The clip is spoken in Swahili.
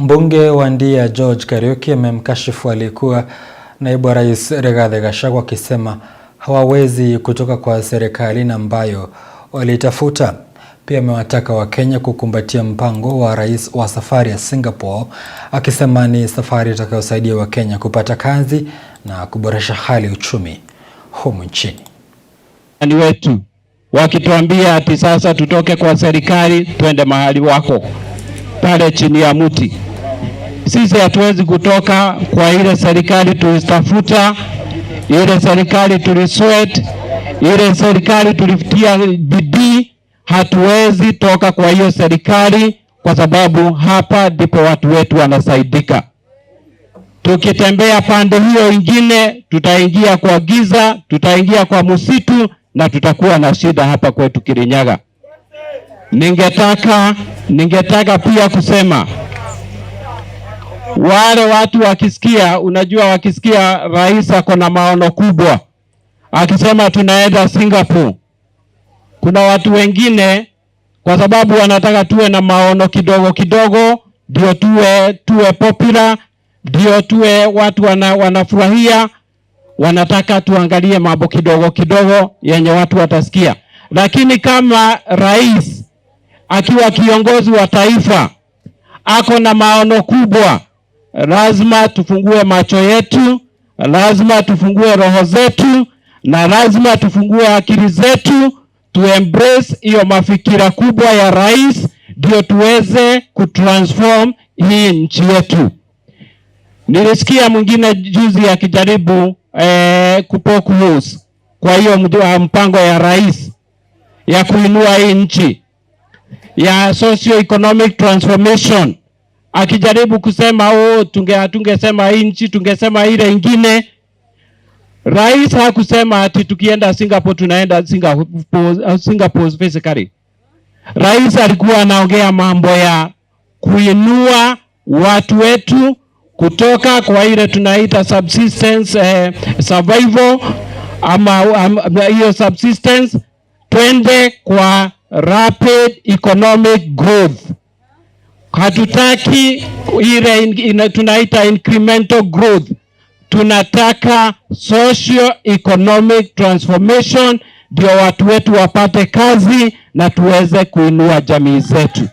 Mbunge wa Ndia George Kariuki amemkashifu aliyekuwa naibu wa rais Rigathi Gachagua akisema hawawezi kutoka kwa serikali ambayo walitafuta Pia amewataka Wakenya kukumbatia mpango wa rais wa safari ya Singapore akisema ni safari itakayosaidia Wakenya kupata kazi na kuboresha hali ya uchumi humu nchini. Ni wetu wakituambia ati sasa tutoke kwa serikali twende mahali wako pale chini ya mti. Sisi hatuwezi kutoka kwa ile serikali tulistafuta, ile serikali tulisweat, ile serikali tulifutia bidii. Hatuwezi toka kwa hiyo serikali, kwa sababu hapa ndipo watu wetu wanasaidika. Tukitembea pande hiyo ingine, tutaingia kwa giza, tutaingia kwa msitu na tutakuwa na shida hapa kwetu Kirinyaga. Ningetaka, ningetaka pia kusema wale watu wakisikia, unajua wakisikia rais ako na maono kubwa akisema tunaenda Singapore, kuna watu wengine kwa sababu wanataka tuwe na maono kidogo kidogo, ndio tuwe tuwe popular, ndio tuwe watu wana, wanafurahia. Wanataka tuangalie mambo kidogo kidogo yenye watu watasikia, lakini kama rais akiwa kiongozi wa taifa ako na maono kubwa lazima tufungue macho yetu, lazima tufungue roho zetu, na lazima tufungue akili zetu, tu embrace hiyo mafikira kubwa ya rais, ndio tuweze kutransform hii nchi yetu. Nilisikia mwingine juzi akijaribu eh, kutokuhusu kwa hiyo ah, mpango ya rais ya kuinua hii nchi ya socio economic transformation akijaribu kusema oh, tunge hatungesema hii nchi tungesema ile ingine. Rais hakusema ati tukienda Singapore tunaenda Singapore, uh, Singapore physically. Rais alikuwa anaongea mambo ya kuinua watu wetu kutoka kwa ile tunaita subsistence eh, survival ama hiyo um, subsistence twende kwa rapid economic growth. Hatutaki ile ina, tunaita incremental growth, tunataka socio economic transformation, ndio watu wetu wapate kazi na tuweze kuinua jamii zetu.